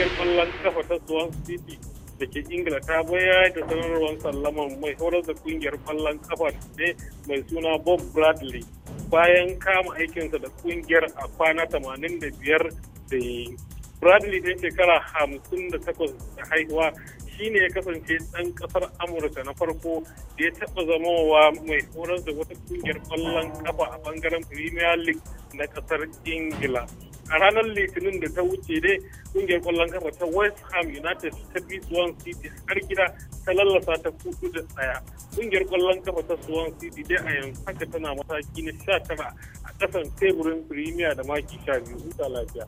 Ƙungiyar kwallon kafa ta Swan City da ke Ingila ta bayar da sanarwar sallaman mai horar da ƙungiyar kwallon kafa ne mai suna Bob Bradley bayan kama aikinsa da ƙungiyar a kwana 85 da Bradley ɗin shekara 58 da haihuwa shi ne ya kasance ɗan ƙasar amurka na farko da ya taɓa wa mai horar da wata ƙungiyar ƙwallon kafa a bangaren premier league na ƙasar ingila a ranar litinin da ta wuce dai kungiyar kwallon kafa ta west ham united ta bi swan city har gida ta lallasa ta kudu da tsaya kungiyar kwallon kafa ta swan city dai a yanzu haka tana mataki na sha 19 a kasan teburin premier da maki 12 huta lafiya